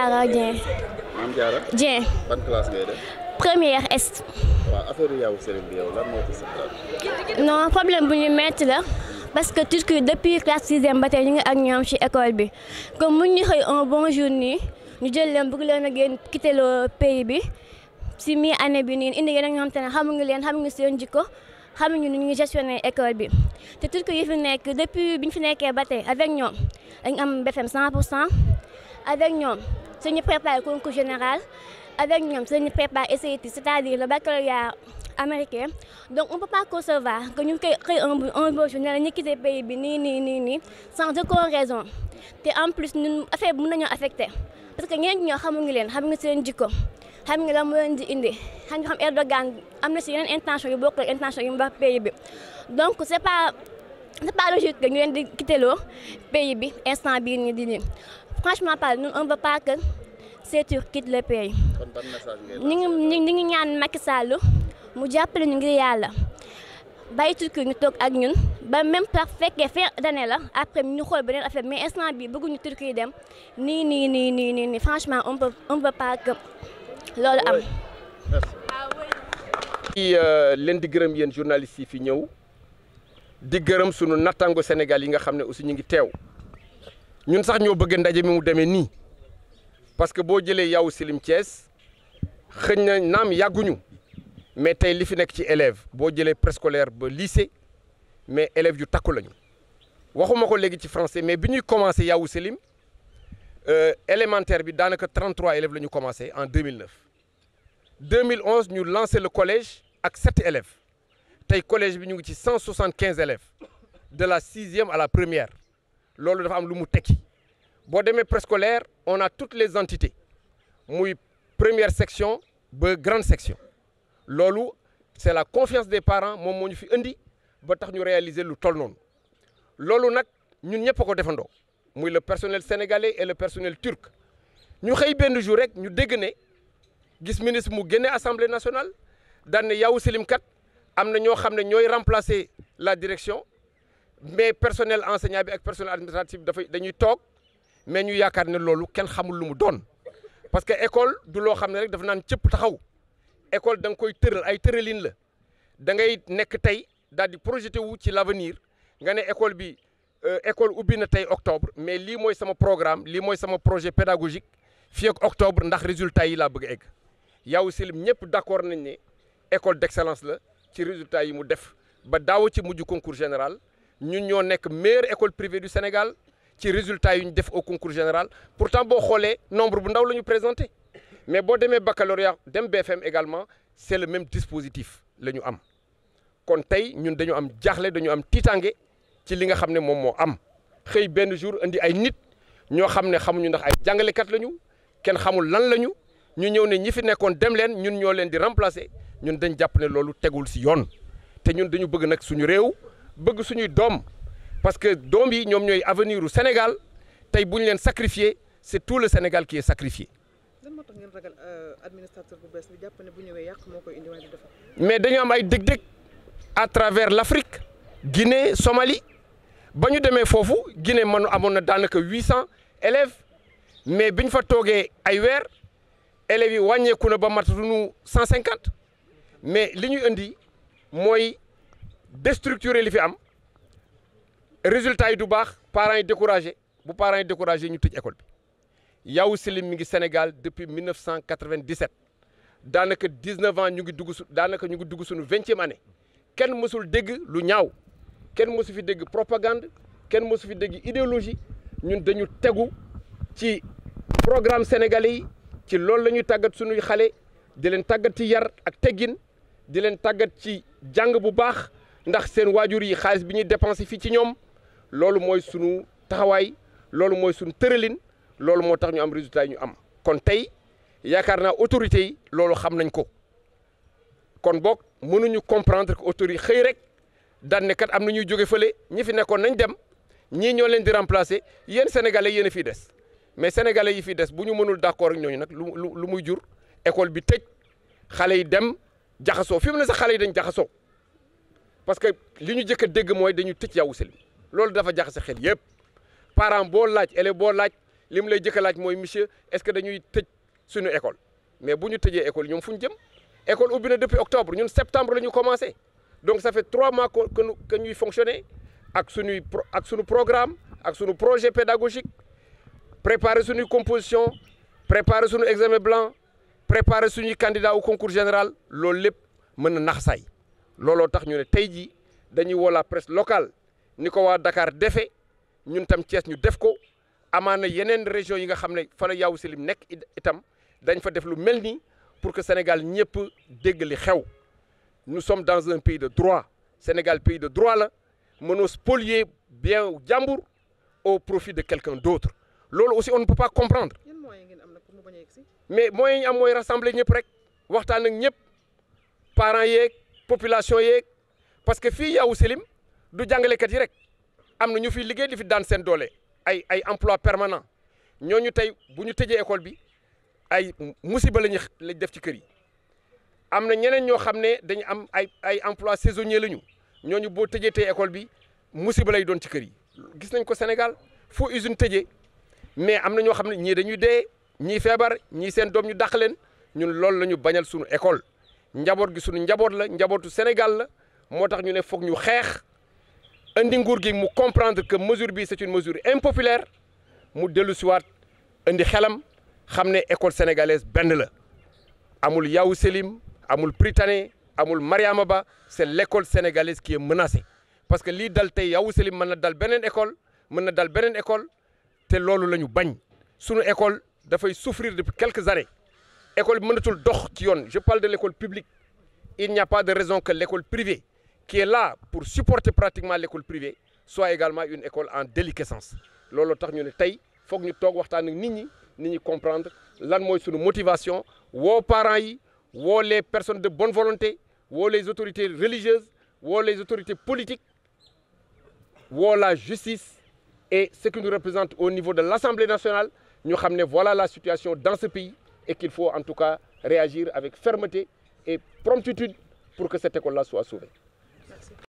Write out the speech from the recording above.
Diarra Dieng. maam Diarra. Dieng. ban non problème bu ñu metti la. parce que Turquie depuis classe sixième ba tey ñu ngi ak ñoom ci école bi comme mu ñu xëy un bon jour nii ñu jël leen bëgg leen a génn quitter le pays bi si mi année bi nii indi yeneen nga ñoom te ne xamuñu leen xam xamuñu seen jikko xamuñu nu ñu gestionné école bi te Turquie yi fi nekk depuis bi ñu fi nekkee ba tey avec ñoom dañ am BFM 100 pour cent avec ñoom. suñu préparé concours général avec ñoom suñu préparé SAT c'est-à-dire le baccalauréat américain donc on peut pas concevoir ñu koy xëy un beau jour ne la ni quitté pays bi nii nii nii nii sans aucune raison te en plus ñun affaire bi mën nañoo affecté parce que ñeneen ñoo xamuñu leen xam nga seen jikko xam nga la mu leen di indi xam nga xam Erdogan am na si yeneen intention yu bokk ak intention yu mu pays bi donc c'est pas c'est pas logique que ñu leen di quitté pays bi instant bii di nii franchement parle ñun on veut pas Setur quitte le pays ñu ngi ñu ngi ñaan Macky Sall mu jàppale ñu ngir yàlla bàyyi tukki ñu toog ak ñun ba même par fekkee fin d'année la après ñu xool beneen affaire mais instant bi bëgguñu turki dem nii nii nii nii nii nii franchement on peut on peut pas loolu am. Euh, leen di gërëm yéen journalistes yi fi ñëw di gërëm sunu nattango Sénégal yi nga xam ne aussi ñu ngi teew ñun sax ñoo bëgg ndaje mi mu demee nii. parce que boo jëlee Yavuz Selim Thiès xëñ na naam yàgguñu mais tey li fi nekk ci élèves boo jëlee préscolaire ba lycée mais élèves yu takku lañu waxuma ko léegi ci français mais bi ñuy commencé Yavuz Selim euh, élémentaire bi daanaka 33 élèves la ñu commencé en 2009 2011 ñu lancé le collège ak 7 élèves tey collège bi ñu ngi ci 175 élèves de la sixième à la première loolu dafa am lu mu tekki. boo demee préscolaire on a toutes les entités muy première section ba grande section loolu c'est la confiance des parents moom moo ñu fi indi ba tax ñu réaliser lu toll noonu loolu nag ñun ñëpp a ko defandoo muy le personnel sénégalais et le personnel turc ñu xëy benn jour rek ñu dégg gis ministre mu génne assemblée nationale daan ne yow Selim kat am na ñoo xam ne ñooy remplacer la direction mais personnel enseignant bi ak personnel administratif dafay dañuy toog. mais ñu yaakaar ne loolu kenn xamul lu mu doon parce que école du loo xam ne rek dafa naan cëpp taxaw école da nga koy tëral ay tëralin la da ngay nekk tey daal di wu ci l'avenir nga ne école bi euh, école ubbi na tey octobre mais lii mooy sama programme lii mooy sama projet pédagogique fii octobre ndax résultat yi laa bëgg a egg yow silim ñëpp d'accord nañ ne école d'excellence la ci résultat yi mu def ba daaw ci mujj concours général ñun ñoo nekk meilleure école privée du Sénégal ci résultat yu ñu def au concours général pourtant boo xoolee nombre bu ndaw lañu ñu présenté mais boo demee baccalauréat dem BFM également c'est le même dispositif la ñu am kon tey ñun dañu am jaaxle dañu am tiitaange ci li nga xam ne moom moo am xëy benn jour indi ay nit ñoo xam ne xamuñu ndax ay jàngalekat lañu kenn xamul lan lañu ñu ñëw ne ñi fi nekkoon dem leen ñun ñoo leen di remplacer ñun dañ jàpp ne loolu tegul ci yoon te ñun dañu bëgg nag suñu réew bëgg suñuy doom parce que doom yi ñoom ñooy avenir u Sénégal tey bu ñu leen sacrifié c'est tout le Sénégal qui est sacrifié. ngeen ragal euh, administrateur bees bi jàpp ne bu ñëwee yàq moo koy indi waaye du mais dañu am ay dëg-dëg à travers l'Afrique Guinée Somalie ba ñu demee foofu Guinée manu amoon na daanaka huit cent élèves mais bi ñu fa toogee ay weer élèves yi wàññeeku na ba matatuñu cent cinquante mais li ñuy indi mooy déstructurer li fi am. résultat yi du baax parent yi découragé bu parents yi découragé ñu tëj école bi Yavuz Selim mi ngi Sénégal depuis 1997 daanaka 19 ans ñu ngi dugg su daanaka ñu ngi dugg suñu vingtième année kenn mësul dégg lu ñaaw kenn mosu fi dégg propagande kenn mësu fi dégg idéologie ñun dañu tegu ci programme sénégalais yi ci loolu la ñuy tàggat suñuy xale di leen tàggat ci yar ak teggin di leen tàggat ci jàng bu baax ndax seen waajur yi xaalis bi ñuy dépensé fii ci ñoom loolu mooy sunu taxawaay loolu mooy sunu tëralin loolu moo tax ñu am résultat yi ñu am kon tey yaakaar naa autorités yi loolu xam nañ ko kon boog mënuñu comprendre ko autorités xëy rek daan kat am na ñuy jóge fële ñi fi nekkoon nañ dem ñi ñoo leen di remplacer yéen sénégalais yéen a fiy des mais sénégalais yi fi des bu ñu mënul d'accord ak ñooñu nag lu lu muy jur école bi tëj xale yi dem jaxasoo fi mu ne sax xale yi dañ jaxasoo parce que li ñu jëkk a dégg mooy dañu tëj Yavuz Selim loolu dafa jaxase xel yëpp parent boo laaj élève boo laaj li mu lay jëkk laaj mooy monsieur est-ce que dañuy tëj suñu école mais bu ñu tëjee école ñoom fu ñu jëm école ubbi na depuis octobre ñun septembre la ñu commencé donc ça fait trois mois que ñu que ñuy fonctionner ak suñuy ak suñu programme ak suñu projet pédagogique préparer suñuy composition préparer suñu examen blanc préparer suñuy candidat au concours général loolu lépp mën na nax saay looloo tax ñu ne tey jii dañuy woo la presse locale ni ko waa dakaar defee ñun tam Thiès ñu def ko na yeneen région yi nga xam ne fa la Yavuz Selim nekk itam dañ fa def lu mel nii pour que Sénégal ñëpp dégg li xew nous sommes dans un pays de droit Sénégal pays de droit la mënoo spolier bien jàmbur au profit de quelqu'un d'autre loolu aussi on ne peut pas comprendre mais moyen ñu am mooy rassembler ñëpp rek waxtaan ak ñëpp parent yeeg population yeeg parce que fii Yavuz Selim du jàngalekat yi rek am na ñu fiy liggéey di fi daan seen doole ay ay emploi permanent ñooñu tey bu ñu tëjee école bi ay musiba lañu lañ def ci kër yi am na ñeneen ñoo xam ne dañu am ay ay emploi saisonnier lañu ñooñu boo tëjee tey école bi musiba lay doon ci kër yi gis nañ ko Sénégal foo usine tëjee mais am na ñoo xam ne ñii dañuy dee ñii feebar ñii seen doom ñu dàq leen ñun loolu la ñu bañal suñu école njaboot gi suñu njaboot la njabootu Sénégal la moo tax ñu ne foog ñu xeex indi nguur gi mu comprendre que mesure bi c'est une mesure impopulaire mu dellu siwaat indi xelam xam ne école sénégalaise benn la amul Yavuz Selim amul Prytanée amul Mariama Ba c'est l'école sénégalaise qui est menacée parce que lii dal tey Yavuz Selim mën na dal beneen école mën na dal beneen école te loolu la ñu bañ sunu école dafay souffrir depuis quelques années école bi mënatul dox ci yoon je parle de l'école publique il n'y a pas de raison que l'école privée qui est là pour supporter pratiquement l'école privée soit également une école en déliquescence looloo tax ñu ne tey foog ñu toog waxtaan ak nit ni nit ñi comprendre lan mooy suñu motivation woo parent yi woo les personnes de bonne volonté wo les autorités religieuses woo les autorités politiques woo la justice et ce qui nous représente au niveau de l'Assemblée nationale ñu xam ne voilà la situation dans ce pays et qu'il faut en tout cas réagir avec fermeté et pour que cette école-là soit sauvée Merci.